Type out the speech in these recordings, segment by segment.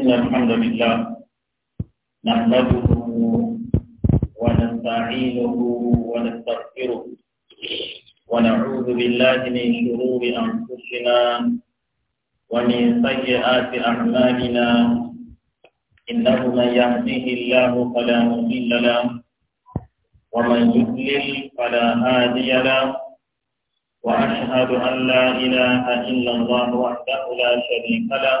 إن الحمد لله نحمده ونستعينه ونستغفره ونعوذ بالله من شرور أنفسنا ومن سيئات أعمالنا إنه من يهده الله فلا مضل له ومن يضلل فلا هادي له وأشهد أن لا إله إلا الله وحده لا شريك له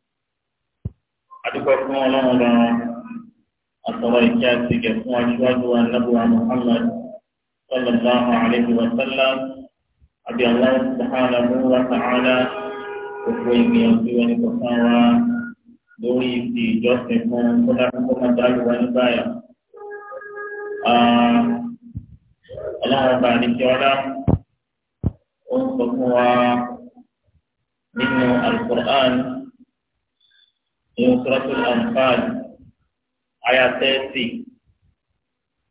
adúgbò fún ọlọ́run lọ́rọ́ àtọwọ́ ìkí àti ìgẹ̀ fún aṣíwájú wa nàbùwà muhammad sallallahu alayhi wa sallam àbí Allah subhanahu wa ta'ala gbogbo ìgbìyànjú ẹni kọ̀ọ̀kan wa lórí ti ìjọsìn fún kódà kó má dálù wa ní báyà. ọlọ́run ọba àdìsí ọlá ó ń sọ fún wa nínú alukur'an nínú suratul Anfal àyà tẹ́sì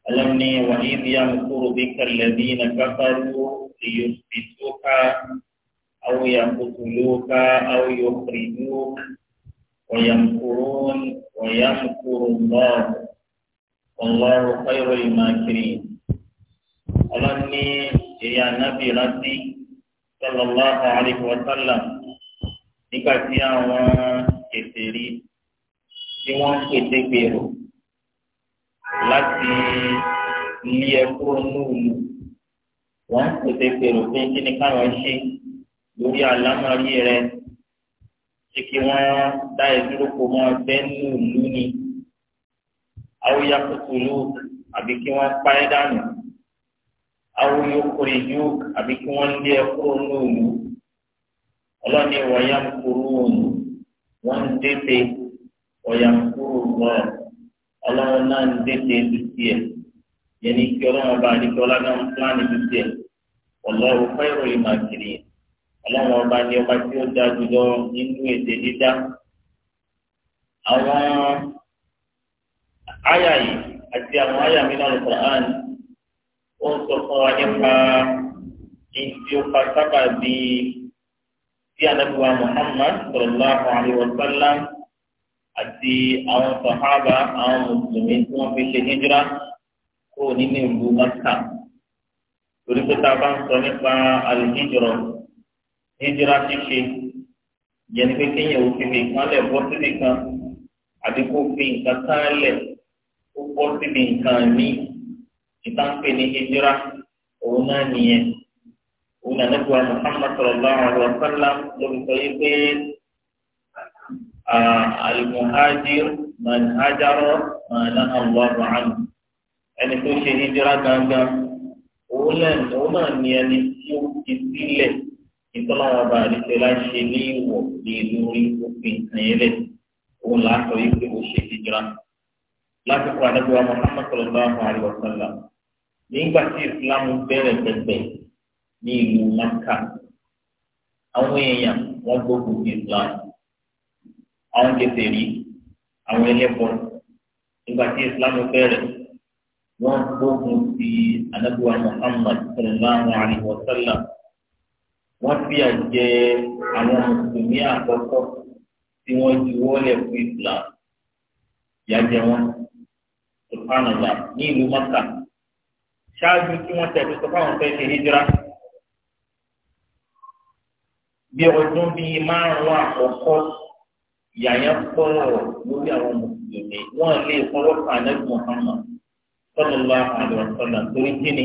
ọlọ́ni wàhí bí a mùkúrò bí kàlẹ́bí na káfáró lèyò fìtó ká àwọn yàkùtù ló ká àwọn yòókùrì ló ويمكرون ويمكر الله والله خير الماكرين ọlọ́ni ìyá nábì rántí sallallahu alaihi wa sallam nígbà tí àwọn kèfèrí tí wọ́n ń pète gbèrò láti lé ẹkú onúùlù wọ́n ń pète gbèrò pé kí ni káwọn ṣe lórí àlámọ̀rí rẹ ṣé kí wọ́n dá ìdúró kó mọ́ ẹgbẹ́ nùlù ni àwòyá kùtùlù àbí kí wọ́n pa ẹ́ dànù àwòyá kùrìjú àbí kí wọ́n lé ẹkú onúùlù ọlọ́ni wọ̀nyá kúrú ònù wọ́n ń dètè ọ̀yàǹkúrò wọ́n ọlọ́run náà ń dètè lùtì ẹ̀ yẹn ní kí ọlọ́run bá àdìgbò ọlọ́run ń pláàni lùtì ẹ̀ ọlọ́run fẹ́ ìròyìn máa kiri ọlọ́run ọba ni ọba tí ó da jùlọ nínú èdè dídá àwọn àyà yìí àti àwọn àyà mi náà lọ́kọ̀ án ó ń sọ fún wa nípa ìdí ó sábà bíi tí anabiwa muhammad sallallahu alayhi wa sallam àti àwọn sahaba àwọn mùsùlùmí tí wọ́n fi ṣe hijira kó nínú ìlú maka torí pé tá a bá ń sọ nípa alìhijrọ hijira ṣíṣe yẹni pé kéèyàn ò fi nǹkan lẹ̀ bọ́ sí nìkan àti kó fi nǹkan kan lẹ̀ kó bọ́ síbi nǹkan míì ìtàn pè ní hijira òun náà nìyẹn òun ànágbó ẹ̀ Muhammad sallallahu alaihi wa sallam lórí sọ ah, yìí pé al-muhajir man hajara man náà wà ràánù ẹni tó ṣe hijira gangan òun náà ní ẹni tí ó ti sílẹ̀ ìtọ́láwọn ọba àdìsẹ́ láṣẹ ní ìwọ̀ ní lórí òfin ìtànyẹ́lẹ̀ òun là á sọ yìí pé ó ṣe hijira lásìkò ànágbó ẹ̀ Muhammad sallallahu alaihi wa sallam nígbà tí Islam bẹ̀rẹ̀ pẹ̀pẹ̀ ní ìlú maka àwọn èèyàn wọn gbógun ti islam àwọn kèfèrí àwọn ẹlẹ́bọ nígbà tí islam bẹ̀rẹ̀ wọn gbógun ti anabiwa muhammad sallallahu alayhi wa sallam wọn fi àjẹ àwọn mùsùlùmí àkọ́kọ́ tí wọn juwọ́lẹ̀ fún islam yàjẹ wọn subhanallah ní ìlú maka ṣáájú tí wọn tẹ̀lé sọ fáwọn fẹ́ẹ́ ṣe hijira bí ọdún bíi márùn-ún àkọ́kọ́ yàyà pọ̀ lórí àwọn mùsùlùmí wọ́n lè fọwọ́ kàn Ànábì Muhammad sallallahu alaihi wasallam torí kíni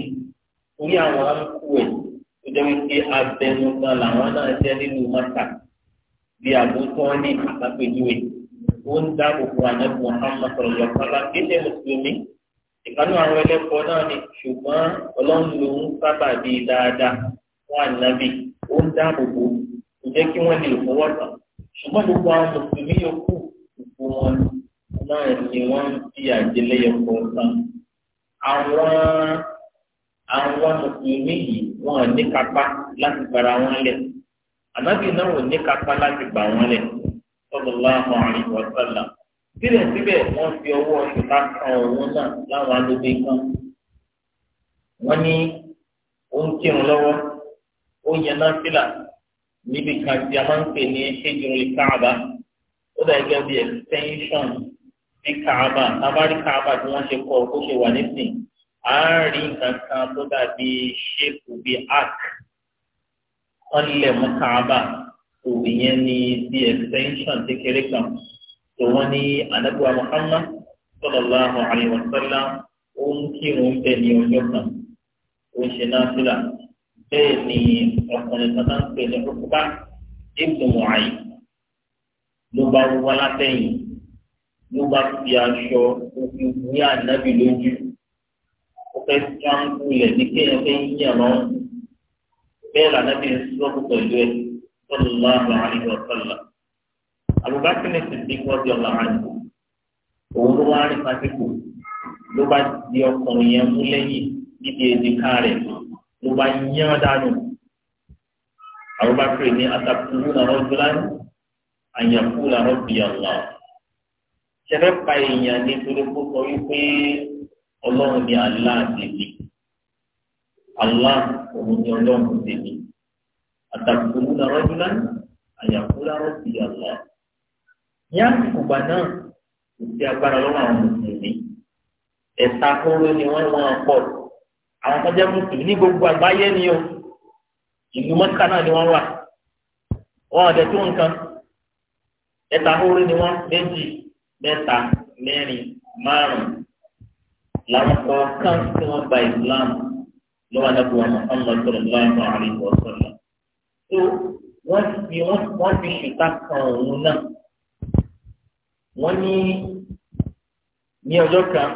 torí àwọn ọkọ ẹ̀ tó jẹ́ wípé abẹnugan làwọn náà jẹ́ nínú mọ́tà bí àbúkọ́ ní àtàpéjúwe ó ń dáàbò fún Ànábì Muhammad sallallahu alaihi wasallam kéde mùsùlùmí ìkànnì àwọn ẹlẹ́kọ̀ọ́ náà ni ṣùgbọ́n ọlọ́run ló ń sábà bíi dáadáa fún ànábì ó ń dáàbò bò jẹ́ kí wọ́n lè fọwọ́ tán ṣùgbọ́n gbogbo àwọn mùsùlùmí yòókù gbogbo wọn náà ni wọ́n fi àjẹlẹ́yẹ kọ̀ọ̀kan àwọn àwọn mùsùlùmí yìí wọn ní kápá láti bara wọn lẹ̀ ànábì náà wọn ní kápá láti bà wọn lẹ̀ sallallahu alaihi wa sallam síbẹ̀síbẹ̀ wọ́n fi ọwọ́ ìta kan òun náà láwọn alóde kan wọ́n ní ó ń kírun lọ́wọ́ ó yẹn náà fìlà níbi kan tí a máa ń pè ní ṣéjúrin káàbà ó dà gẹ́gẹ́ bí extension ní káàbà tábàrí káàbà tí wọ́n ṣe kọ́ kó ṣe wà nísìn à ń rí nǹkan kan tó dàbí ṣéèpù bí arc wọ́n mú káàbà òbí yẹn ní bí extension kékeré kan tó wọ́n ní anabiwa Muhammad sallallahu alaihi wasallam ó ń kírun bẹ́ẹ̀ ní ọjọ́ kan ó ń ṣe náà sílà bẹ́ẹ̀ ni ọkùnrin kan náà ń pè ní rúkúbá ibùdó mọ̀ọ́yì ló bá wá látẹ̀yìn ló bá fi aṣọ òfin ní ànábì lójú ó fẹ́ sáńkù ilẹ̀ ní kéèyàn fẹ́ yíyàn lọ bẹ́ẹ̀ lànábì ń sọ́kù pẹ̀lú ẹ̀ sallallahu alaihi wa sallam. Abubakar ní Siddiq radiyallahu anhu òun ló wá rí pàtíkù ló bá di ọkùnrin yẹn mú lẹ́yìn níbi èdè ká rẹ̀ mọ́ ló bá yán dànù Abubakar ní atakuru nàró gbúlánì àyànkú nàró bìyànlá sẹfẹ pa èèyàn ní torókó sọ wípé Ọlọ́run ní Allah tèmi Allah òun ní Ọlọ́run tèmi atakuru nàró gbúlánì àyànkú nàró bìyànlá ní àsìkò gbà náà kò sí agbára lọ́wọ́ àwọn mùsùlùmí ẹ̀ta kóró ni wọ́n wọ́n pọ̀ tó àwọn tó jẹ́ mùsùlùmí ní gbogbo àgbáyé ni o ìlú mọ́tíkà náà ni wọ́n wà wọn ọ̀dẹ̀ tó nǹkan ẹ̀ta hóró ni wọ́n méjì mẹ́ta mẹ́rin márùn-ún làwọn kọ̀ọ̀kan tí wọ́n gba Islam lọ́wọ́ anábọ̀ wọn Muhammad sallallahu alaihi wa sallam tó wọ́n fi wọ́n fi ṣùtá kan òun náà wọ́n ní ní ọjọ́ kan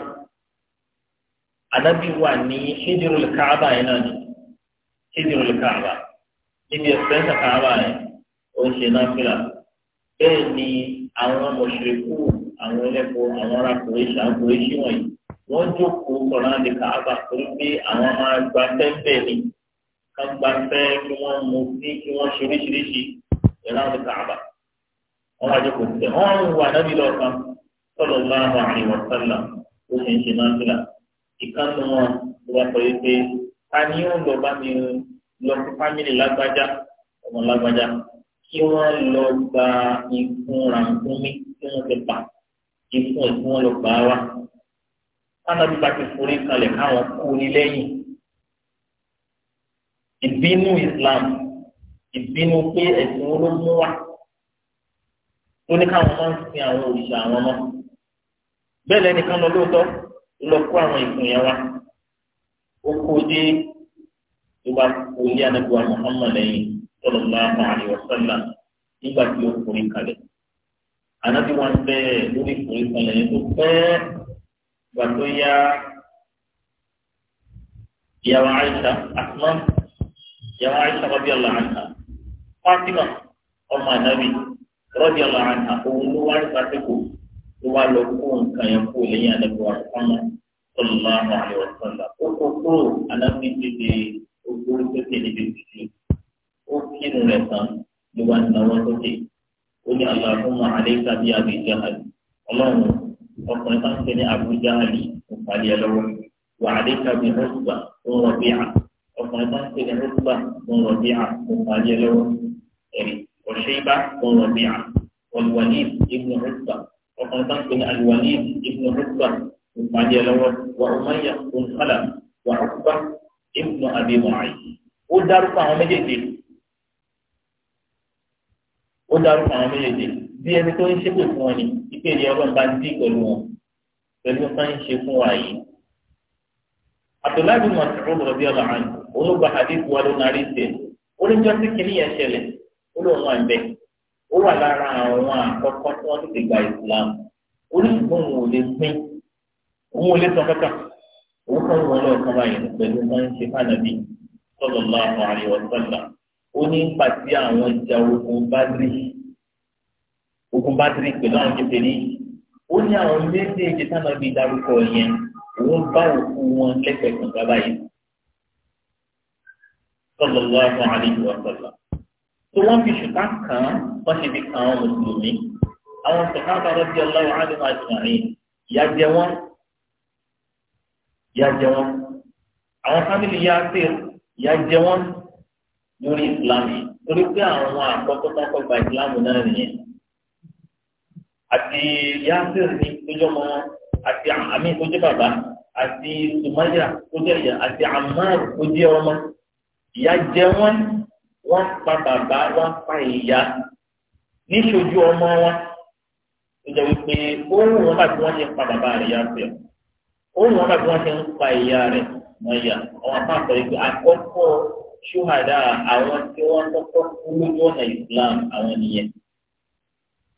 anabi wà ní hijirul kaaba yẹn náà ni hijirul kaaba níbi ẹsẹ̀ǹtà kaaba yẹn ó ń ṣe náfìlà bẹ́ẹ̀ ni àwọn mọ̀ṣẹ̀kù àwọn ẹlẹ́kọ̀ọ́ àwọn ará kòrèṣì àwọn kòrèṣì wọ̀nyí wọ́n jókòó kọ̀ọ̀rọ̀ àti kaaba torí pé àwọn máa gba tẹ́ńpẹ̀ ni ká gba tẹ́ kí wọ́n mu sí kí wọ́n ṣe oríṣiríṣi ìlànà àti kaaba wọ́n máa jókòó sí ẹ̀ wọ́n wà nábì lọ́ọ̀kan sọ̀rọ̀ máa wà ní wọ́n sálà ó ṣe ń ṣe náfìlà ìkànnì wọn ló bá sọ wípé ta ni ó lọ bá mi lọ sí fámìlì lágbájá ọmọ lágbájá kí wọ́n lọ gba ìfún ràǹkúnmí tí wọ́n ti pa ìfún ẹ̀ tí wọ́n lọ gbà wá kánábí bá ti forí kalẹ̀ káwọn kú ní lẹ́yìn ìbínú Islam ìbínú pé ẹ̀sìn olómú wa tó ní káwọn máa ń sin àwọn òrìṣà àwọn ọmọ bẹ́ẹ̀ lẹ́nìkan lọ lóòótọ́ lọ kó àwọn ìpín yẹn wá ó kó dé tó bá kó ilé anagbèwà Muhammad lẹ́yìn sọlọ bá àwọn àríwá sọlá nígbà tí ó forí kalẹ̀ anabi wọn bẹ́ẹ̀ lórí forí kalẹ̀ yẹn tó pẹ́ẹ́ gbà tó yá ìyàwó Aisha Asma ìyàwó Aisha radiyallahu anha Fatima ọmọ anabi radiyallahu anha òun ló wá nípa tí ló wá lọ kó nǹkan yẹn kó lẹ́yìn anagbèwà Muhammad sallallahu alaihi wasallam ó kó kúrò alábìtìtì ogbó sókè níbi títí ó kírun rẹ̀ tán ló wá náwó sókè ó ní Allahumma alayka bí Abi Jahal ọlọ́run ọkùnrin kan pè ní Abu Jahal ìpàdé ẹ lọ́wọ́ wà alayka bí Utba ń Rabi'a ọkùnrin kan pè ní Utba ń Rabi'a ìpàdé ẹ lọ́wọ́ ẹ̀rí Ushayba ń Rabi'a wal Walid ibn Utba ọkùnrin kan pè ní al-Walid ibn ìpàdé lọ́wọ́ wà ọmọọyà ònkálà wà ọkùbá ibnu abi mu'ayy ó dárúkọ àwọn méjèèjì ó dárúkọ àwọn méjèèjì bí ẹni tó ń ṣépè fún wọn ni ìpè ní ọlọ́run bá ń dín pẹ̀lú wọn pẹ̀lú nǹkan ń ṣe fún wa yìí. abdullahi bin mas'ud radiyallahu anhu olùgbà hadith wa ló narí tẹ oníjọ́ sí kìíní yẹn ṣẹlẹ̀ ó lóun wà ń ó wà lára àwọn àkọ́kọ́ tí wọ́n ti gbà ìsìlámù oríṣiríṣi òun ò lè pín òun ò lè sọ kankan òun kọ́ ìwọ lọ́wọ́ kan báyìí pẹ̀lú máa ń ṣe fànàbí sallallahu alaihi wasallam ó ní ń pàtí àwọn ìjà ogun bádìrí ogun bádìrí pẹ̀lú àwọn kékeré ó ní àwọn méjèèjì fànàbí dárúkọ yẹn òun bá òkú wọn lẹ́gbẹ̀ẹ́ kankan báyìí sallallahu alaihi wasallam tó wọ́n fi ṣùkà kàn án wọ́n ṣe fi kàn án mùsùlùmí àwọn sọ̀kà bá rọ́bì ọlọ́wọ́ àdìmọ̀ àjùmọ̀ ìyà jẹ wọ́n àwọn fámìlì Yasir ìyà jẹ wọ́n lórí ìsìlámù torí pé àwọn àkọ́kọ́tàkọ́ gba ìsìlámù náà nìyẹn àti Yasir ní tójú ọmọ àti àmì tójú bàbá àti Sumaya tójú ẹ̀yà àti Ammar tójú ọmọ ìyà jẹ wọ́n wọ́n pa bàbá wọ́n pa ìyá níṣojú ọmọ wọn ìjọba pé ó wù wọn bá tí wọ́n ṣe pa bàbá rẹ̀ Yasir ó wọn náà bí wọ́n ti ń pa ìyá rẹ̀ wọ́n yà àwọn afáàfẹ́ yìí àkọ́kọ́ ṣúhàdá àwọn tí wọ́n kọ́kọ́ kú lójú ọ̀nà Islam àwọn nìyẹn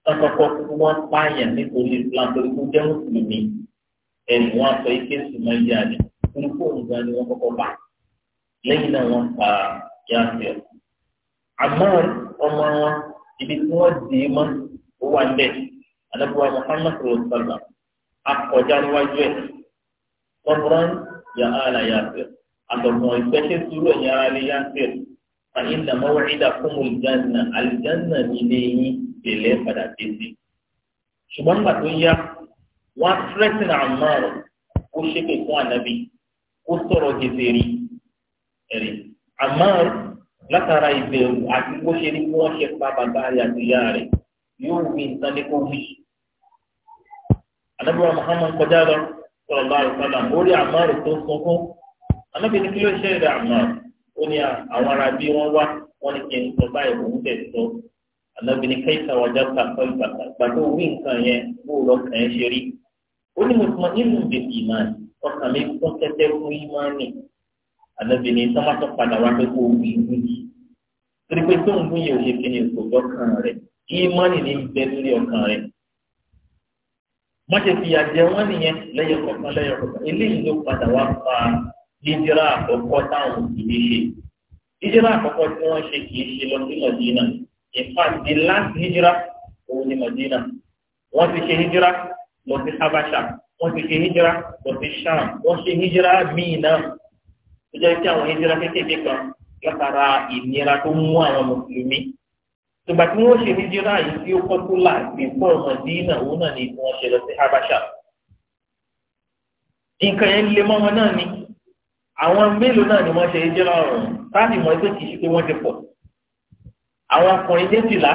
wọ́n kọ́kọ́ kú wọ́n pààyàn nítorí Islam torí kú jẹ́ mùsùlùmí ẹ̀rù wọn sọ ike sùnmọ́ ìyá rẹ̀ fún fóònù gan ni wọ́n kọ́kọ́ bá lẹ́yìn náà wọ́n pa yáfẹ́ àmọ́ ọmọ wọn ibi tí wọ́n dì í mọ́ ó wà ń bẹ̀ صبرا يا آل ياسر أقرموا يسكت سورة يا آل ياسر فإن موعدكم الجنة الجنة إليه بلي فداتيسي ṣùgbọ́n nígbà tó yá wọ́n tírẹ́sìn Ammar kó ṣépè fún ànábì kó sọ̀rọ̀ jẹjẹrì ẹ̀rí Ammar látara ìbẹ̀rù àti bó ṣe ní kí wọ́n ṣe pa bàbá rẹ̀ àti ìyá rẹ̀ yóò wí nǹkan wí. ànábì wa Muhammad kọjá lọ sọ̀rọ̀ bá rẹ̀ sọ́dà orí àmọ́rù tó sunkún anábì ní kí ló ṣe rẹ̀ àmọ́rù ó ní àwọn ará bí wọ́n wá wọ́n ní kí n sọ báyìí òun bẹ̀ sọ anábì ní kẹ́sà wájà sàkọ́ ìgbàkà gbàdó wí nǹkan yẹn bó lọ kàn án ṣe rí ó ní mo sọ nínú bèbí ìmáà ọkàn mi kún tẹ́tẹ́ fún ìmáàní anábì ní sọ́mọ́tò padà wá pé kó wí wí torí pé tóun wí yẹn ò ṣe kí ni ìkòjọ́ kan rẹ̀ ìmáàní ní bẹ́ẹ̀ lórí ọkàn rẹ̀ wọ́n ṣe fìyà jẹ wọ́n nìyẹn lẹ́yìn kọ̀ọ̀kan lẹ́yìn kọ̀ọ̀kan eléyìí ló padà wá fa jíjẹ́rà àkọ́kọ́ táwọn òbí lè ṣe jíjẹ́rà àkọ́kọ́ tí wọ́n ṣe kì í ṣe lọ sí Mọ̀dínà in fact the last hijira òun ni Mọ̀dínà wọ́n ti ṣe hijira lọ sí Habasha wọ́n ti ṣe hijira lọ sí Sham wọ́n ṣe hijira míì náà tó jẹ́ kí àwọn hijira kékeré kan látara ìnira tó mú àwọn mùsùlùmí tògbà tí wọ́n ṣe ní jìnnà yìí tí ó kọ́kọ́ là ìpọ̀ Mádínà òun náà ni wọ́n ṣe lọ sí Habasha. nǹkan yẹn lé mọ́ wọn náà ni àwọn mélòó náà ni wọ́n ṣe jìnnà ọ̀rùn táàbì mọ́ ẹgbẹ́ kìí ṣe pé wọ́n ti pọ̀. àwọn ọkùnrin méjìlá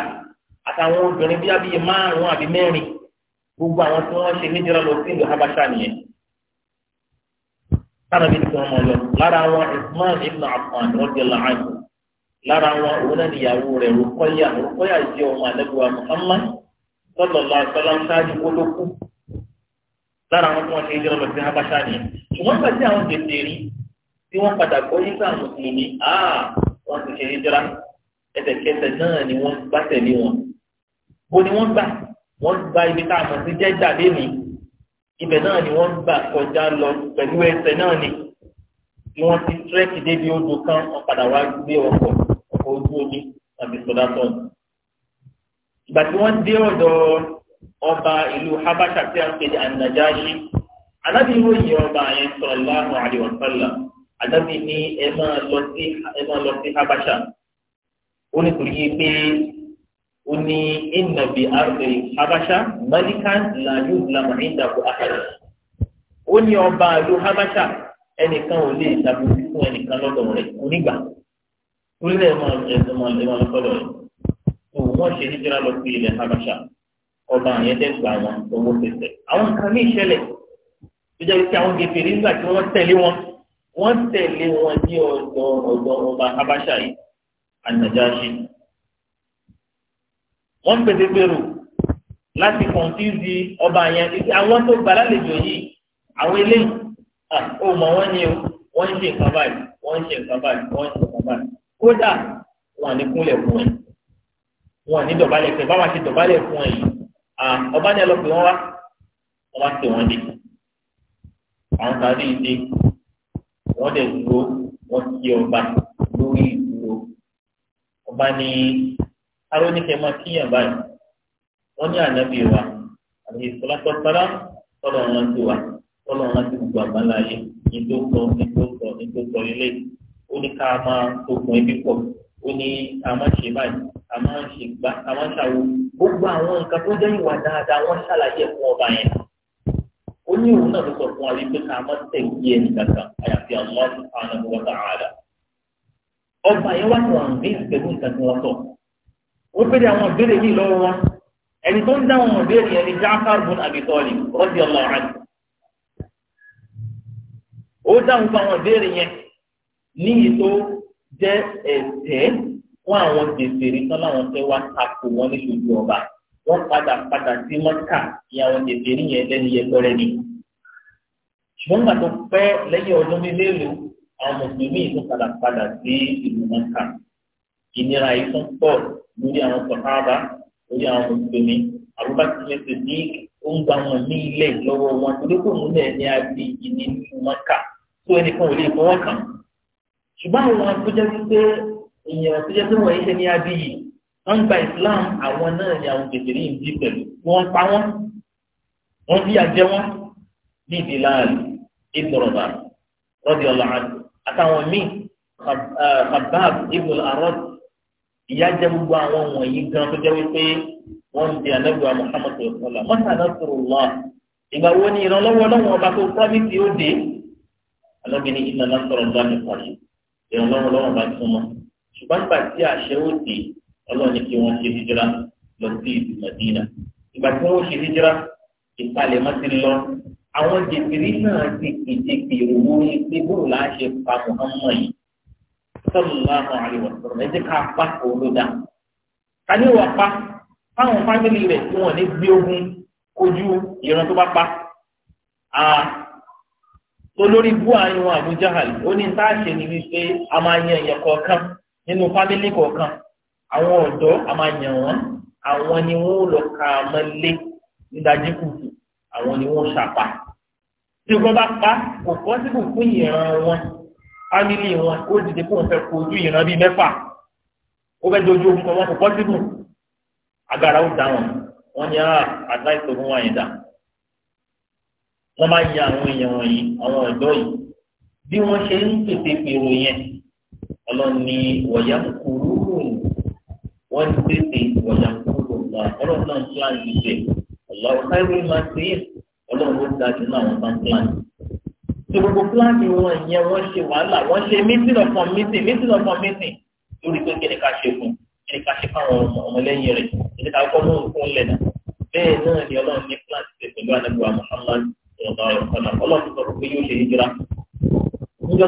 àtàwọn obìnrin bí abíyẹ márùn-ún àbí mẹ́rin gbogbo àwọn tí wọ́n ṣe ní jìnnà lọ sí ìlú Habasha nìyẹn. sáà lára wọn Usman ibn Affan radiyallahu anhu lára wọn òun náà níyàwó rẹ̀ rúkọ́yà rúkọ́yà jẹ́ ọmọ àlẹ́gbẹ̀wá Muhammad sallallahu alaihi wasallam ṣáájú kólókù lára wọn tí wọ́n ṣe é jẹ́rọ lọ sí habasha ni ṣùgbọ́n pàṣẹ àwọn tètè rí tí wọ́n padà gbọ́ yín sáà mùsùlùmí áà wọ́n ti ṣe é jẹ́ra ẹsẹ̀kẹsẹ̀ náà ni wọ́n gbá tẹ̀lé wọn bo ni wọ́n gbà wọ́n gba ibi tá a mọ̀ sí jẹ́ jáde mi ibẹ̀ náà ni wọ́n gbà kọjá lọ pẹ̀lú ẹsẹ̀ náà ni wọ́n ti tírẹ́kì débi odò kan wọ́n padà wá gbé ọkọ̀ ọkọ̀ ojú omi àti sọdátọ̀n. ìgbà tí wọ́n dé ọ̀dọ̀ ọba ìlú habasha tí a ń pè ní anajashi alábì ìròyìn ọba yẹn sallallahu alaihi wa sallam alábì ní ẹ máa lọ sí ẹ máa lọ sí habasha ó ní torí pé ó ní ìnàbí àrùn habasha malikan la yuzlamu indahu ahad ó ní ọba ìlú habasha ẹnìkan ò lè dàbí fún ẹnìkan lọ́dọ̀ rẹ̀ onígbà orílẹ̀ ẹ̀mọ ẹ̀sìnmọ̀ ẹ̀mọ̀ ìkọlọ̀ yìí òun wọ́n ṣe níjọra lọ sí ilẹ̀ habasha ọba yẹn tẹ́ gbà wọn owó pèsè àwọn nǹkan ní ìṣẹ̀lẹ̀ tó jẹ́ pé àwọn gèfèrè nígbà tí wọ́n tẹ̀lé wọn wọ́n tẹ̀lé wọn ní ọ̀dọ̀ ọ̀dọ̀ ọba habasha yìí anajashi wọ́n pèsè gbèrò láti kọ̀ǹtìzì ọba yẹn àwọn tó gbà lálejò yìí àwọn eléyìí ó mọ̀ wọ́n ní wọ́n ń ṣe kódà wọn ní kúnlẹ̀ fún ẹ wọn ní dọ̀bálẹ̀ fún ẹ báwa ṣe dọ̀bálẹ̀ fún ẹ yìí ọba ní ẹlọpẹ wọn wá ọba tẹ wọn dé àwọn sáré ìdè wọn dẹ dúró wọn ti ọba lórí ìdúró ọba ní aróníkẹ máa kíyàn báyìí wọn ní ànábì wa àti ìsọlátọ sára tọrọ wọn ti wà tọrọ gbogbo àgbáńlá yìí ní tó sọ ní tó sọ ní tó sọ ilé yìí ó ní ká máa okùn ẹbí pọ̀ ó ní ká máa ṣe báyìí ká máa ṣe gbá ká máa ṣàwo gbogbo àwọn nǹkan tó jẹ́ ìwà dáadáa wọ́n ṣàlàyé fún ọba yẹn ó ní òun náà ló sọ fún wa wípé ká máa tẹ̀lé ẹnì kankan àyàfi Allah subhanahu wa ta'ala ọba yẹn wá wọn bí pẹ̀lú nǹkan tí wọ́n sọ ó pèrè àwọn ìbéèrè yìí lọ́wọ́ wọn ẹni tó ń dá wọn ìbéèrè yẹn ni Ja'far bin Abi Talib ó dáhùn fún àwọn ìbéèrè yẹn ní ètò jẹ́ ẹ̀tẹ́ fún àwọn gbèsèrè tán láwọn fẹ́ wá takò wọn ní ṣojú ọba wọ́n padà padà sí mọ́kà ní àwọn gbèsèrè yẹn lẹ́nu yẹpẹrẹ ni. ṣùgbọ́n gbà tó pẹ́ lẹ́yìn ọdún mélòó àwọn mùsùlùmí tún padà padà sí ìlú mọ́kà. ìnira yìí tún pọ̀ lórí àwọn sọ̀hábà lórí àwọn mùsùlùmí àbúbáṣe mẹ́sì ní ó ń gba wọn ní ilé lọ́wọ́ wọn torí kò múlẹ̀ ní abí ìní mọ́kà tó ẹnìkan ò lè fọwọ́ kàn án ṣùgbọ́n àwọn tó jẹ́ wípé èèyàn tó jẹ́ pé wọ́n ṣe ní adìyí wọ́n gba Islam àwọn náà ni àwọn kèfèrí ń bí pẹ̀lú wọ́n pa wọ́n wọ́n bí ajẹ́ wọ́n bí ìdíláàlì ìgbọ̀rọ̀bà rọ́dì ọ̀làhàn àtàwọn míì Khabbab ibn al-Arad ìyá jẹ́ gbogbo àwọn wọ̀nyí gan tó jẹ́ wípé wọ́n di anábìwá Muhammadu sọlá mọ́tà náà sọ̀rọ̀ lọ́wọ́ ìgbà wo ni ìrànlọ́wọ́ ọlọ́wọ́ ọba tó promise yóò dé alábìnrin ìlànà sọ̀rọ̀ lọ́wọ́ ìran lọ́wọ́ lọ́wọ́ bá tún mọ́ ṣùgbọ́n nígbà tí àṣẹ ó dé ọlọ́run ní kí wọ́n ṣe hijira lọ sí ìlú Madina ìgbà tí wọ́n ṣe hijira ìpalẹ̀ mọ́ ti lọ àwọn jẹ̀bìrì náà ti ìdèkè owó ní bóòlù láṣẹ pa Muhammad yìí sallallahu alaihi wasallam ẹ jẹ́ ká pa òru dá ká wà pa fáwọn fámìlì rẹ̀ tí wọ́n ní gbé ogun kojú ìran tó bá pa tolórí bú àárín wọn Abu Jahal ó ní tá a ṣe ni wípé a máa yan èèyàn kọ̀ọ̀kan nínú fámílì kọ̀ọ̀kan àwọn ọ̀dọ́ a máa yàn wọ́n àwọn ni wọ́n lọ ka mọ́lé nídàjí kùtù àwọn ni wọ́n ṣàpá tí wọ́n bá pa kò kọ́ síbò fún ìran wọn fámílì wọn ó dìde kó fẹ́ kojú ìran bíi mẹ́fà ó fẹ́ dojú orúkọ wọn kò kọ́ síbò agbára ó dá wọn wọn ni àdáìsọ fún wọn yẹn dá wọ́n bá yẹ àwọn èèyàn wọ̀nyí àwọn ọ̀dọ́ yìí bí wọ́n ṣe ń pèsè pèrò yẹn ọlọ́run ní wọ̀yà kúrú wọ́n ń pèsè wọ̀yà kúrú lọ ọlọ́run náà ń plan ìgbẹ́ ọlọ́run káyọ̀ máa ṣe é ọlọ́run ló dájú náà wọ́n bá ń plan. tó gbogbo pílánì wọn yẹn wọ́n ṣe wàhálà wọ́n ṣe mítìlì ọ̀kan mítìlì mítìlì ọ̀kan mítìlì lórí pé kí ni ká ṣe fún kí ni ká ṣe fáwọn ọmọlẹ́yìn rẹ̀ kí ni ká kọ́ lóhùn fún lẹ̀ náà bẹ́ẹ̀ náà ni ọlọ́run ní sallallahu alaihi wasallam ọlọ́run sọ pé yóò ṣe hijira níjọ́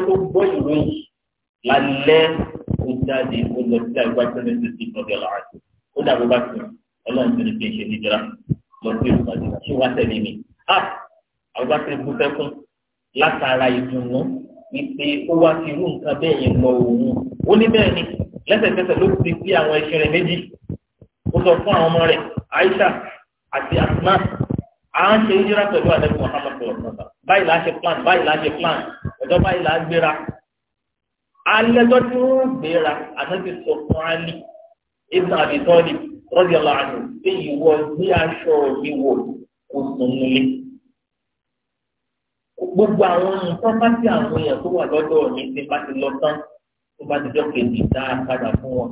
a àgbà tẹ́lẹ̀ bú fẹ́ fún látara ìdùnnú wípé ó wá ti irú nǹkan bẹ́ẹ̀ yẹn lọ òun ó ní bẹ́ẹ̀ ni lẹ́sẹ̀kẹsẹ̀ ló ti fi àwọn ẹṣin rẹ̀ méjì ó sọ fún àwọn ọmọ rẹ̀ Aisha àti Asma à ń ṣe ìjírá pẹ̀lú àdẹ́kù Muhammad sọ̀rọ̀ báyìí là á ṣe plan báyìí là á ṣe plan ọjọ́ báyìí là á gbéra alẹ́jọ́ tí wọ́n gbéra àtẹ́tí sọ fún Ali ibn Abi Talib radiyallahu anhu pé ìwọ gbé aṣọ mi wò kò sùn nílé gbogbo àwọn nǹkan bá ti àwọn èèyàn tó wà lọ́dọ̀ mi ti bá ti lọ tán tó bá ti jọ kejì dáa padà fún wọn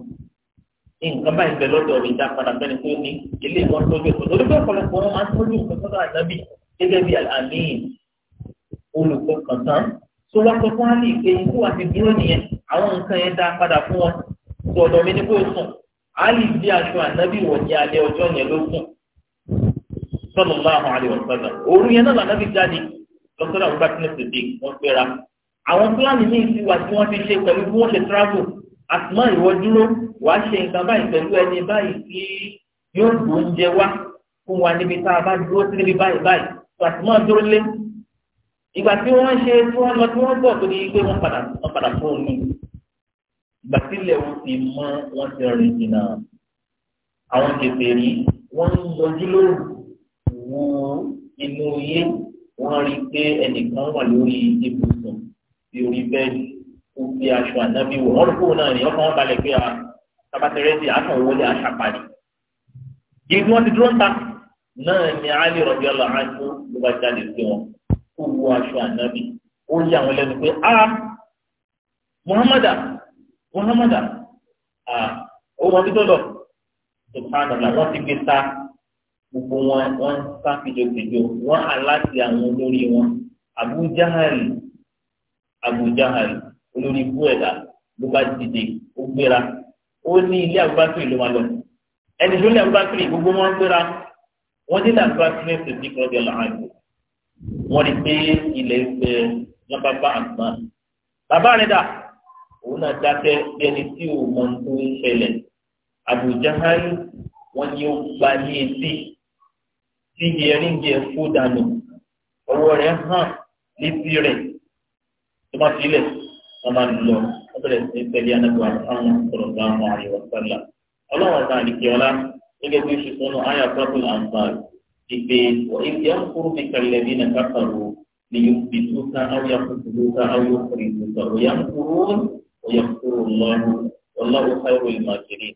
nǹkan báyìí bẹ lọ́dọ̀ mi dá padà bẹ́ni tó ní ilé ìwọ́n tọ́jú ẹ̀kọ́ lórí bẹ́ẹ̀ ọ̀pọ̀lọpọ̀ wọn máa ń tọ́jú nǹkan sọ́dọ̀ ànábì gẹ́gẹ́ bí àmín olùkọ́ kan tán tó wá sọ fún àlè pé ikú àti dúró nìyẹn àwọn nǹkan yẹn dá padà fún wọn tó ọ̀dọ̀ mi ní kó sùn àlè bí aṣọ ànábì wọ̀ ní alẹ́ ọjọ́ yẹn ló sùn sallallahu alaihi wasallam òru yẹn náà ànábì jáde lọ́sọ̀rọ̀ àwọn bá ti ní sèdè wọ́n fẹ́ra àwọn fúlàní míì ti wà tí wọ́n ti ṣe pẹ̀lú bí wọ́n ṣe tíráàbù àtúmọ̀ ìwọ dúró wà á ṣe nǹkan báyìí pẹ̀lú ẹni báyìí kí yóò gbó oúnjẹ wá fún wa níbi tá a bá dúró sí níbi báyìí báyìí àtúmọ̀ dúró lé ìgbà tí wọ́n ṣe tí wọ́n lọ tí wọ́n bọ̀ tó di pé wọ́n padà wọ́n padà fún un ní ìgbà sílẹ̀ wọn ti mọ wọn ti rìn jìnnà àwọn kẹfẹ́ rí wọ́n ń yọjú lóru wo inú ilé wọ́n rí pé ẹnìkan wà lórí ibùsùn lórí bẹ́ẹ̀dì kó fi aṣọ ànábì wọ̀ wọ́n kó náà ní ọkàn wọn balẹ̀ pé ah, a tabatẹ́rẹ́ sí àtàn wọlé aṣàpàdé. yìí ni wọ́n ti dúró ń ta náà ni Ali radiyallahu anhu ló bá jáde sí wọn kó wọ aṣọ ànábì ó yí àwọn lẹ́nu pé a ah, Muhammada Muhammada a ah, ó wọn ti tó lọ subhanallah wọ́n ti gbé ta gbogbo wọn wọ́n ń sá kìjokìjo wọ́n aláṣẹ àwọn olórí wọn Abu Jahal Abu Jahal olórí ibú ẹ̀dá ló bá dìde ó gbéra ó ní ilé Abubakar ló máa lọ ẹni tó ní Abubakar gbogbo wọn gbéra wọn dé Abubakar ẹsẹ tí kò dé lọ́hàn ìlú wọn rí pé ilẹ̀ ìfẹ́ wọn bá bá àgbọn bàbá rẹ dà òun náà dákẹ́ bí ẹni tí ò mọ tó ń ṣẹlẹ̀ Abu Jahal wọn ni ó gba ní etí tí ìyẹrìngì ẹ̀ fó dànù ọwọ́ rẹ̀ hàn létí rẹ̀ tó má fi lẹ̀ sí wọ́n máa ń lọ wọ́n bẹ̀rẹ̀ sí pẹ̀lú anábìwá àwọn sọ̀rọ̀ bá wọn àríwá sálà ọlọ́wọ́n náà ní kíọ́lá gẹ́gẹ́ bí oṣù sọ́nù àyà sọ́tún àǹfààní ìpè wọ́n ìpè ọkùnrin mi kàlẹ́ bí nàkà kàrò ni yóò fi àwọn yàtọ̀ túkà àwọn yóò kọrin túkà òyà kúrò òyà kúrò lọ́rùn ọlọ́wọ́ káyọ̀ ìmọ̀ àkèrè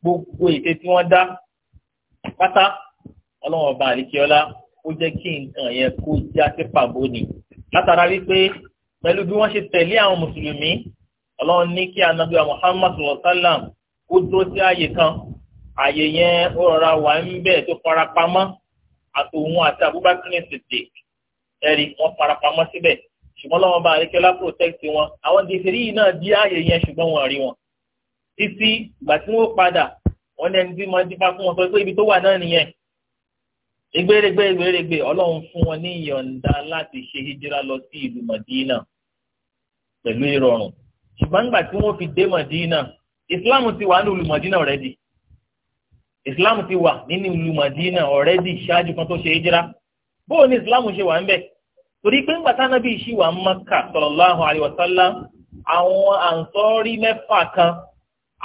gbogbo ète tí wọ́n dá pátá ọlọ́wọ́n bá àríkíọ́lá ó jẹ́ kí nǹkan yẹn kó jẹ́ àtẹ́pàbó ni látara wípé pẹ̀lú bí wọ́n ṣe tẹ̀lé àwọn mùsùlùmí ọlọ́run ní kí anabiwa muhammad sallam kó dúró sí ààyè kan ààyè yẹn ó rọra wà ń bẹ̀ tó fara pamọ́ àtòun àti abubakar Siddiq ẹ̀rí wọ́n fara pamọ́ síbẹ̀ ṣùgbọ́n lọ́wọ́ bá àríkẹ́lá protect wọn àwọn dèfèrí yìí náà di ààyè yẹn ṣùgbọ́n wọn rí wọn títí ìgbà tí wọ́n padà wọ́n lẹ́nu tí wọ́n dípa fún wọn sọ pé ibi tó wà náà nìyẹn ìgbéregbé ìgbéregbé ọlọ́run fún wọn ní ìyọ̀ǹda láti ṣe hijira lọ sí ìlú Madina pẹ̀lú ìrọ̀rùn ṣùgbọ́n nígbà tí wọ́n fi dé Mọ̀dínà Islam ti wà ní olùmọ̀dínà ọ̀rẹ́dì Islam ti wà nínú olùmọ̀dínà ọ̀rẹ́dì ṣáájú kan tó ṣe é jira bó ni Islamu ṣe wà ń bẹ̀ torí pé ńgbà tánábì ṣì wà ń Maka sallallahu alaihi wasallam àwọn àǹsọ́rí mẹ́fà kan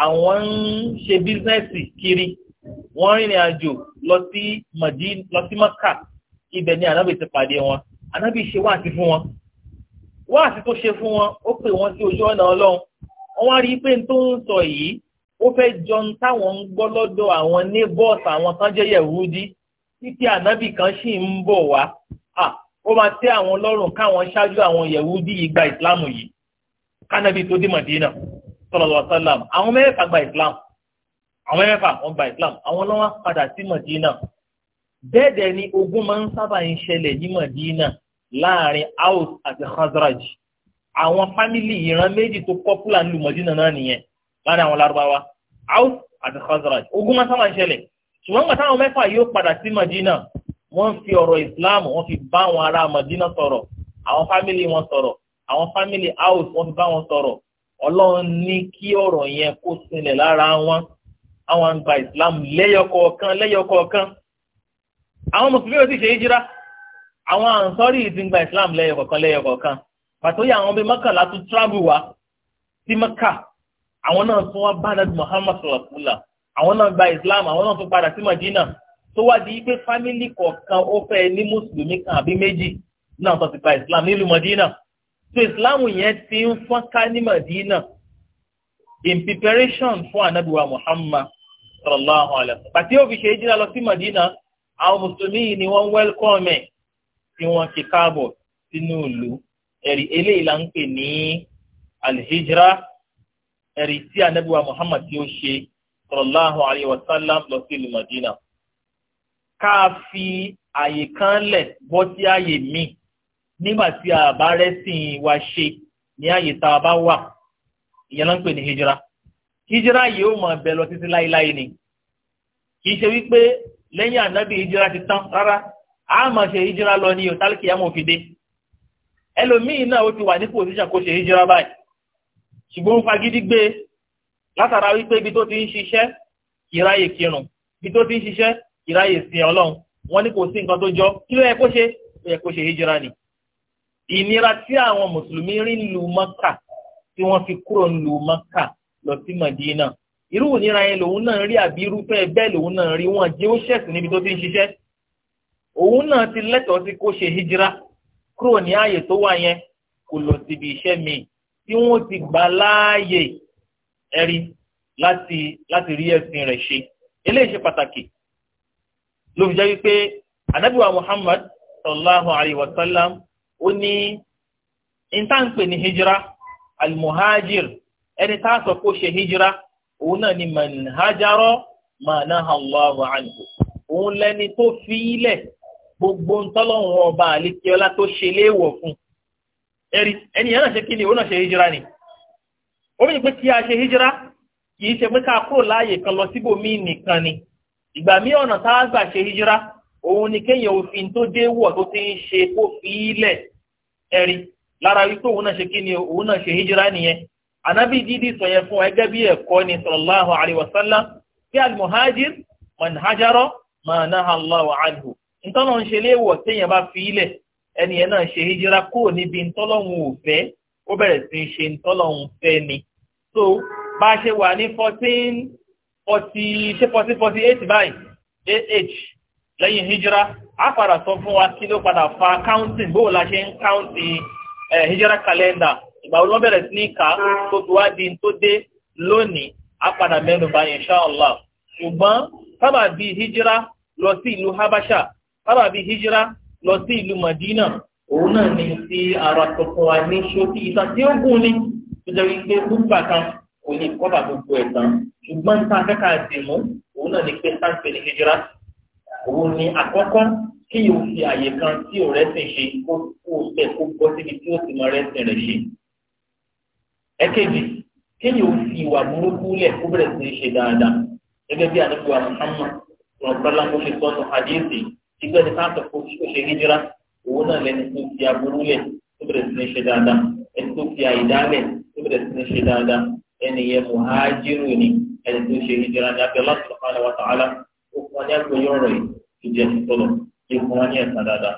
àwọn ń ṣe bísínẹ́sì kiri wọ́n rìnrìn àjò lọ sí Mọ̀dínà lọ sí Maka ibẹ̀ ni ànábì ti pàdé wọn ànábì ṣe wáàsí fún wọn wáàsí tó ṣe fún wọn ó pè wọ́n sí ojú ọ̀nà ọlọ́run wọ́n wá rí i pé n tó ń sọ yìí ó fẹ́ jọ ń táwọn ń gbọ́ lọ́dọ̀ àwọn neighbors àwọn kan jẹ́ yẹ̀wúdí títí ànábì kan sì ń bọ̀ wá ó máa tẹ́ àwọn lọ́rùn káwọn ṣáájú àwọn yẹ̀wúdí yìí gba ìsìláàmù yìí kánábì tó dé Mádínà sallallahu alaihi wasallam àwọn mẹ́fà gba ìsìláàmù àwọn mẹ́fà wọ́n gba ìsìláàmù àwọn lọ́wọ́ padà sí Mádínà bẹ́ẹ̀ dẹ̀ ni ogun máa ń sábà ń ṣẹlẹ̀ ní Mádínà láàrin house àti Khazraj àwọn fámìlì ìran méjì tó pọ́pùlà ń lu Mọ̀dínà náà nìyẹn láàrin àwọn Lárúbáwá Aus àti Khazraj ogun máa sábà ń ṣẹlẹ̀ ṣùgbọ́n gbàtà àwọn mẹ́fà yóò padà sí Mọ̀dínà wọ́n fi ọ̀rọ̀ Islam wọ́n fi bá àwọn ará Mọ̀dínà sọ̀rọ̀ àwọn fámìlì wọn sọ̀rọ̀ àwọn fámìlì Aus wọ́n fi bá wọn sọ̀rọ̀ Ọlọ́run ní kí ọ̀rọ̀ yẹn kó sinlẹ̀ lára wọn àwọn àgbà Islam lẹ́yọkọ̀ọ̀kan lẹ́yọkọ̀ọ̀kan àwọn mùsùlùmí ò sì ṣe é jíra àwọn ànsọ́rì ti ń gba islam lẹ́yọ kọ̀ọ̀kan lẹ́yọ kọ̀ọ̀kan pàtó yà àwọn bíi mọ́kànlá tó travel wá sí mẹ́kà àwọn náà tún wá bá nàbí muhammad sọ̀rọ̀kúlà àwọn náà gba islam àwọn náà tún padà sí madina tó wá di pé fámìlì kọ̀ọ̀kan ó fẹ́ ní mùsùlùmí kan àbí méjì náà tó ti gba islam nílùú madina tó islam yẹn ti ń fọ́nká ní madina in preparation fún anabiwa muhammad sallallahu alaihi wa sallam pàtí ó fi ṣe lọ sí madina àwọn mùsùlùmí ni wọ́n welcome tí wọ́n ti káàbọ̀ sínú ìlú ẹ̀rí eléyìí là ń pè ní ẹ̀rí tí anabiwa muhammad ṣe sallallahu alayhi lọ sí ìlú madina fi àyè kan lẹ̀ bọ́ sí àyè míì nígbà tí a bá rẹ́sìn wa ṣe ní àyè tá a bá wà ìyẹn ni ń pè ní hijra hijira yìí ó máa bẹ lọ títí láéláé ni kì ṣe wípé lẹ́yìn ànábì ti rárá a máa ṣe hijira lọ ní òtálìkì yàmọ̀ òfìdé ẹlòmíì náà ó ti wà ní pòsíṣàn kó ṣe hijira báyìí ṣùgbọ́n fagídí gbé látara wípé ibi tó ti ń ṣiṣẹ́ kìráyè kírun ibi tó ti ń ṣiṣẹ́ kìráyè sin ọlọ́run wọn ní kò sí nǹkan tó jọ kí ló yẹ kó ṣe ó yẹ kó ṣe hijira ni ìnira tí àwọn mùsùlùmí rí ń lu mọ́kà tí wọ́n fi kúrò ń lu mọ́kà lọ sí mọ̀dínà irú ìnira yẹn lòun náà rí àbí irúfẹ́ bẹ́ẹ̀ lòun náà rí wọn jẹ́ ó ṣẹ̀sìn níbi tó ti ń ṣiṣẹ́ òun náà ti lẹ́tọ̀ọ́ sí kó ṣe hijira kúrò ní ààyè tó wà yẹn kó lọ síbi iṣẹ́ mi tí wọ́n ti gbà láàyè ẹ̀rí láti láti rí ẹ̀sìn rẹ̀ ṣe eléyìí ṣe pàtàkì ló fi jẹ́ wípé anabiwa Muhammad sallallahu alayhi wa sallam ó ní intanpe ní hijira almuhajir ẹni tá a sọ kó ṣe hijira òun náà ni man hajara ma naha òun lẹni tó fi ilẹ̀ gbogbo ntọ́lọ́hún ọba àlékiọ́lá tó ṣe léèwọ̀ fún ẹ̀rí ẹni yẹn náà ṣe kí ni ó náà ṣe hijira ni ó bí pé kí a ṣe hijira kì í ṣe pé ká kúrò láàyè kan lọ síbò míì nìkan ni ìgbà míì ọ̀nà tá a gbà ṣe hijira òun ni kéèyàn òfin tó dé wọ̀ tó ti ń ṣe kó fi í lẹ̀ ẹ̀rí lára wípé òun náà ṣe kí òun náà ṣe hijira nìyẹn ànábì dídí sọ yẹn fún ẹgẹ́ bí ẹ̀kọ́ ni sallallahu alaihi wasallam kí al-muhajir man anhu ntọ́nà ń ṣe léèwọ̀ téèyàn bá fi ilẹ̀ ẹni yẹn náà ṣe hijira kúrò níbi ntọ́lọ́hún ò fẹ́ ó bẹ̀rẹ̀ sí í ṣe ntọ́lọ́hún fẹ́ ni so bá a ṣe wà ní fourteen forty ṣe fourteen forty eight báyìí ah lẹ́yìn hijira a padà sọ fún wa kí ló padà fa counting bó la ṣe ń counti eh, hijira calendar ìgbà wo ló bẹ̀rẹ̀ sí ní kà tó tó wá di tó dé lónìí a padà mẹ́nu bá insha Allah ṣùgbọ́n sábà bíi lọ sí ìlú habasha sábàbí hijira lọ sí ìlú Madina òun náà ni ti ara tuntun wa ní ṣókí ìtàn tí ó gùn ni tó jẹ́ wípé gbogbo àtàn kò ní kọ́ba gbogbo ẹ̀ tán ṣùgbọ́n tá a kẹ́kọ̀ọ́ àti mú òun náà ni pé sáńpẹ̀ ní hijira òun ni àkọ́kọ́ kí yóò fi àyè kan tí ò rẹ́sìn ṣe kó kó bẹ̀ kó gbọ́ síbi tí ó ti mọ rẹ́sìn rẹ̀ ṣe. ẹ̀kejì kí yóò fi ìwà burúkú lẹ̀ kó bẹ̀rẹ̀ sí ṣe dáadáa gẹ́gẹ́ bí àdúgbò Muhammad rọ̀bọ́lá mo ìgbà tí káàtó kó kó ṣe hijira òun náà lẹni tó fi aburú lẹ tó bẹ̀rẹ̀ sí ní ṣe dáadáa ẹni tó fi àyídá lẹ tó bẹ̀rẹ̀ sí ní ṣe dáadáa ẹni yẹn muhajiru ni ẹni tó ṣe hijira ní abẹ́ Allah subhanahu wa ta'ala ó fún wa ní agbóyọ̀rọ̀ yìí ìjẹ́ ìtọ́lọ̀ yìí fún wa ní ẹ̀sán dáadáa.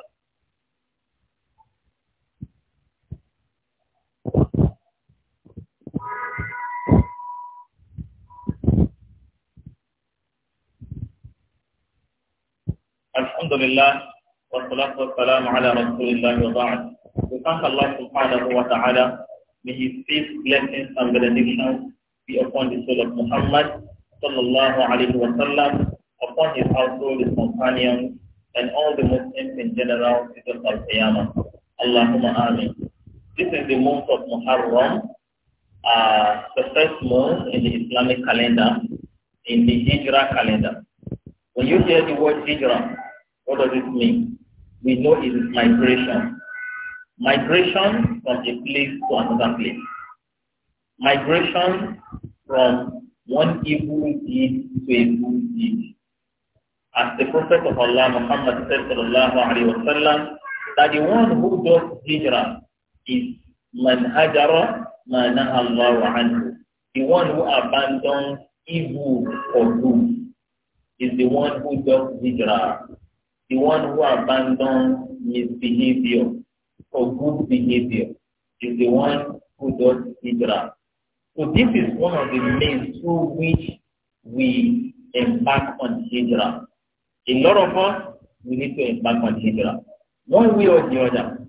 الحمد لله والصلاة والسلام على رسول الله وبعد. We thank Allah subhanahu wa ta'ala. May His peace, blessings and benedictions be upon the soul of Muhammad sallallahu alayhi wa sallam, upon his household, his companions, and all the Muslims in general, because of Qiyamah. Allahumma amin. This is the month of Muharram, uh, the first month in the Islamic calendar, in the Hijra calendar. When you hear the word Hijra, What does it mean? We know it is migration. Migration from a place to another place. Migration from one evil deed to a good deed. As the Prophet of Allah Muhammad said sallallahu alayhi wa that the one who does hijrah is man hajara manaha Allah anhu. The one who abandons evil for good is the one who does hijrah the one who abandons his behavior or good behavior is the one who does hijrah. So this is one of the means through which we embark on hijrah. A lot of us, we need to embark on hijrah. One way or the other.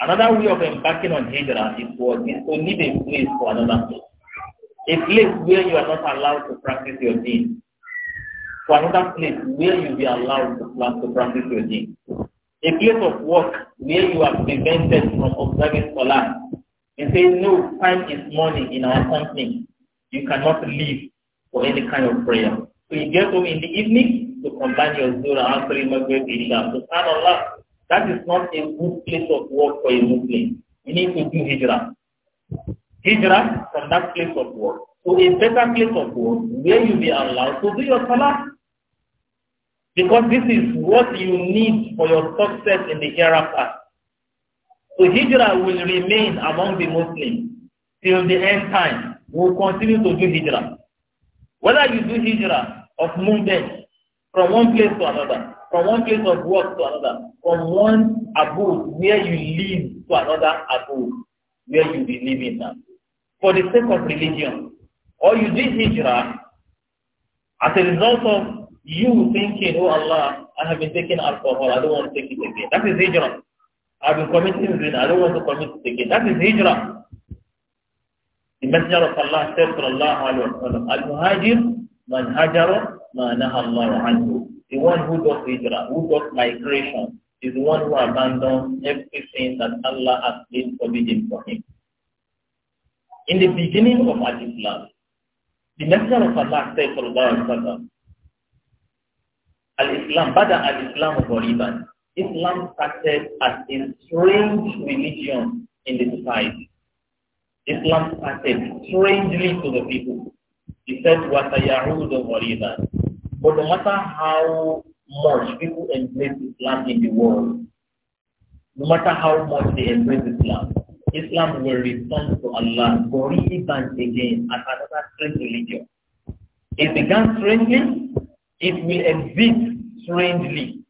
Another way of embarking on hijrah is to, is to leave a place for another place. A place where you are not allowed to practice your deen to another place where you be allowed to plan to practice your deen. A place of work where you are prevented from observing Salah and say, no, time is money in our company. You cannot leave for any kind of prayer. So you get home in the evening to combine your Zura, and Maghrib, Isha. SubhanAllah, that is not a good place of work for a Muslim. You need to do Hijrah. Hijrah from that place of work. So a better place of work where you be allowed to do your Salah Because this is what you need for your success in the hereafter. So hijrah will remain among the Muslims till the end time. We will continue to do hijrah. Whether you do hijrah of movement from one place to another, from one place of work to another, from one abode where you live to another abode where you be living now. For the sake of religion, or you do hijrah as a result of You thinking, oh Allah, I have been taking alcohol, I don't want to take it again. That is hijrah. I've been committing sin, I don't want to commit it again. That is hijrah. The Messenger of Allah said, for Allah, Al-Muhajir, man hajara, man Allah anhu. The one who does hijrah, who does migration, is the one who abandons everything that Allah has been forbidding for him. In the beginning of Al-Islam, the Messenger of Allah said, for Allah, Al-Islam, Bada al-Islam Ghoriban. Islam started as a strange religion in the society. Islam started strangely to the people. He said, وَسَيَعُودُ that." But no matter how much people embrace Islam in the world, no matter how much they embrace Islam, Islam will return to Allah, Ghoriban again, as another strange religion. It began strangely, it will exist strangely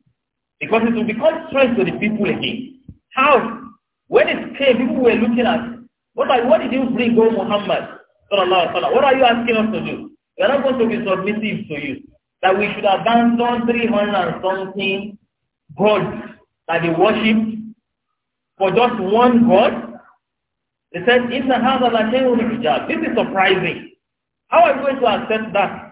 because it will become strange to the people again. How? When it came, people were looking at, what, are, what did you bring, O Muhammad? What are you asking us to do? We are not going to be submissive to you. That we should abandon three hundred and something gods that they worship for just one God? They said, that This is surprising. How are you going to accept that?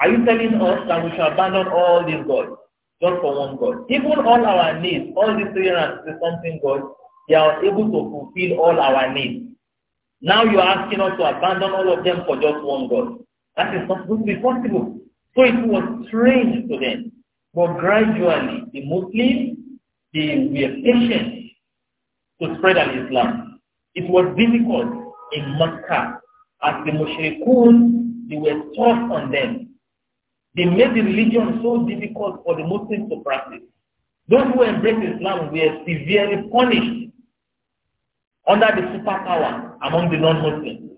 Are you telling us that we should abandon all these gods just for one God? Even all our needs, all these 360 something gods, they are able to fulfill all our needs. Now you are asking us to abandon all of them for just one God. That is not going to be possible. So it was strange to them. But gradually, the Muslims, they were patient to spread an Islam. It was difficult in Mecca as the Mushrikun, they were tough on them. They made the religion so difficult for the Muslims to practice. Those who embraced Islam were severely punished under the superpower among the non-Muslims.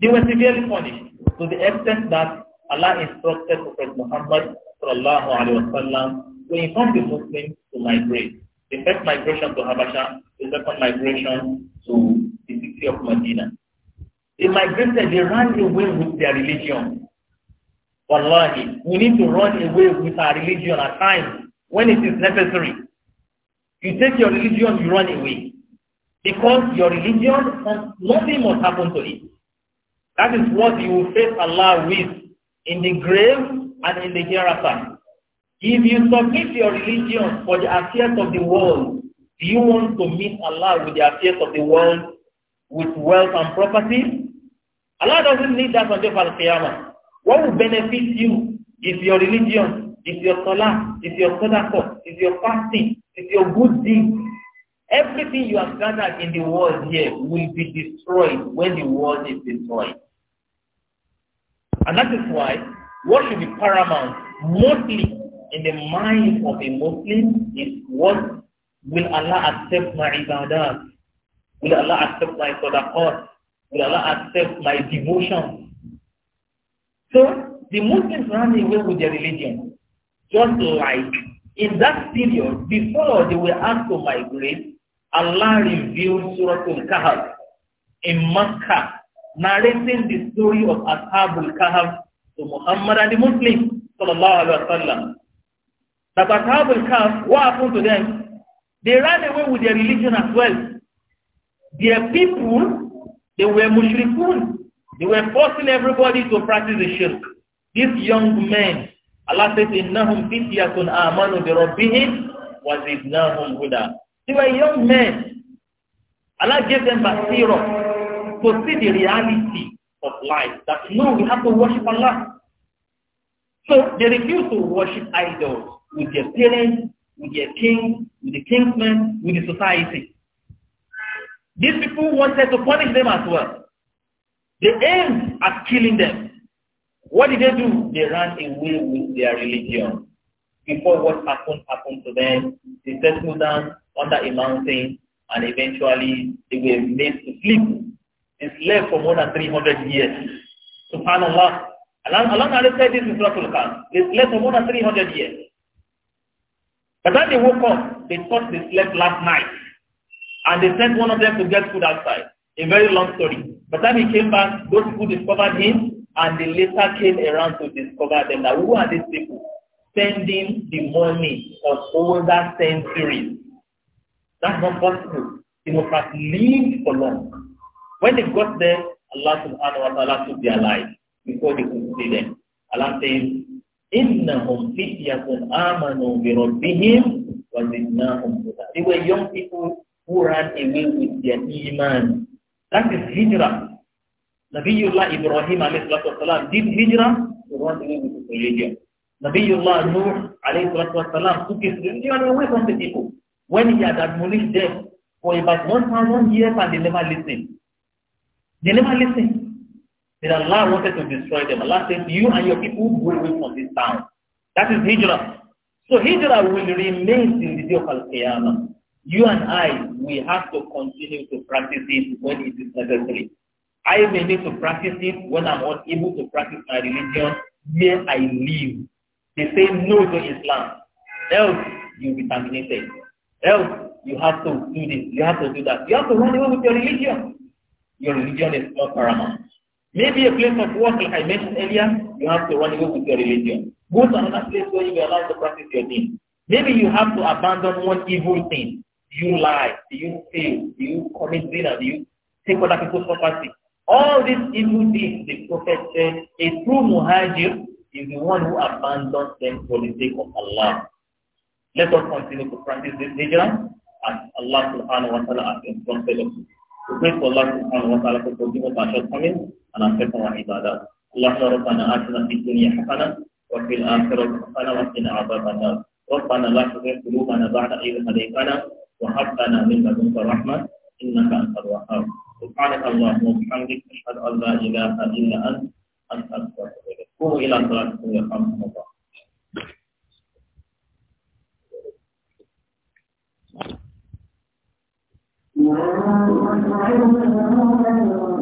They were severely punished to the extent that Allah instructed Prophet Muhammad sallallahu alaihi wasallam to inform the Muslims to migrate. The first migration to Habasha, the second migration to the city of Medina. They migrated, they ran away with their religion. Wallahi, we need to run away with our religion at times when it is necessary. You take your religion, you run away. Because your religion, nothing must happen to it. That is what you will face Allah with in the grave and in the hereafter. If you submit your religion for the affairs of the world, do you want to meet Allah with the affairs of the world with wealth and property? Allah doesn't need that on the Qiyamah what will benefit you is your religion, is your salah, is your sadaqah, is your fasting, is your good deed. Everything you have gathered in the world here will be destroyed when the world is destroyed. And that is why what should be paramount mostly in the mind of a Muslim is what will Allah accept my ibadah? Will Allah accept my sadaqah? Will Allah accept my devotion? So the Muslims ran away with their religion. Just like in that period, before they were asked to migrate, Allah revealed Surah Al-Kahf in Makkah, narrating the story of Ashab al-Kahf to Muhammad and the Muslims, sallallahu alayhi wa sallam. That Ashab al-Kahf, what happened to them? They ran away with their religion as well. Their people, they were mushrikun, They were forcing everybody to practice the shirk. These young men, Allah says, إِنَّهُمْ فِتْيَةٌ آمَنُوا بِرَبِّهِمْ وَزِدْنَاهُمْ huda. They were young men. Allah gave them basira to see the reality of life. That no, we have to worship Allah. So they refused to worship idols with their parents, with their king, with the kingsmen, with the society. These people wanted to punish them as well. They aimed at killing them. What did they do? They ran away with their religion. Before what happened happened to them, they settled down under a mountain and eventually they were made to sleep. They slept for more than 300 years. Subhanallah. Allah, Allah said this in Surah They slept for more than 300 years. But when they woke up, they thought they slept last night. And they sent one of them to get food outside. A very long story. But the he came back, those people discovered him, and they later came around to discover them. That who are these people sending the money of older centuries? That's not possible. They must have lived for long. When they got there, Allah subhanahu wa ta'ala took their life before they could see them. Allah says, إِنَّهُمْ فِتْيَةٌ آمَنُوا بِرَبِّهِمْ وَزِدْنَاهُمْ هُدًى They were young people who ran away with their iman That is hijrah. Nabiullah Ibrahim a.s. did hijrah to run away with his religion. Nabiullah Nuh a.s. took his religion away from the people. When he had admonished them for about 1,000 years and they never listened. They never listened. Then Allah wanted to destroy them. Allah said, you and your people go away from this town. That is hijrah. So hijrah will remain in the day of Al-Qiyamah. You and I, we have to continue to practice it when it is necessary. I may need to practice it when I'm unable to practice my religion where I live. They say no to Islam. Else, you'll be terminated. Else, you have to do this, you have to do that. You have to run away with your religion. Your religion is not paramount. Maybe a place of work, like I mentioned earlier, you have to run away with your religion. Go to another place where you are allowed to practice your thing. Maybe you have to abandon one evil thing. Do you lie? Do you steal? Do you commit zina? Do you take other people's property? All these evil deeds, the Prophet said, a true muhajir is the one who abandons them for the sake of Allah. Let us continue to practice this religion, and Allah subhanahu wa ta'ala has instructed us. We pray for Allah subhanahu wa ta'ala to forgive us our shortcomings and accept our ibadah. اللهم ربنا آتنا في الدنيا حسنة وفي الآخرة حسنة وقنا عذاب النار ربنا لا تزغ قلوبنا بعد إذ هديتنا وهب لنا من لدنك رحمة إنك أنت الوهاب سبحانك اللهم وبحمدك أشهد أن لا إله إلا أنت أستغفرك قوموا إلى صلاتكم يرحمكم الله Thank you.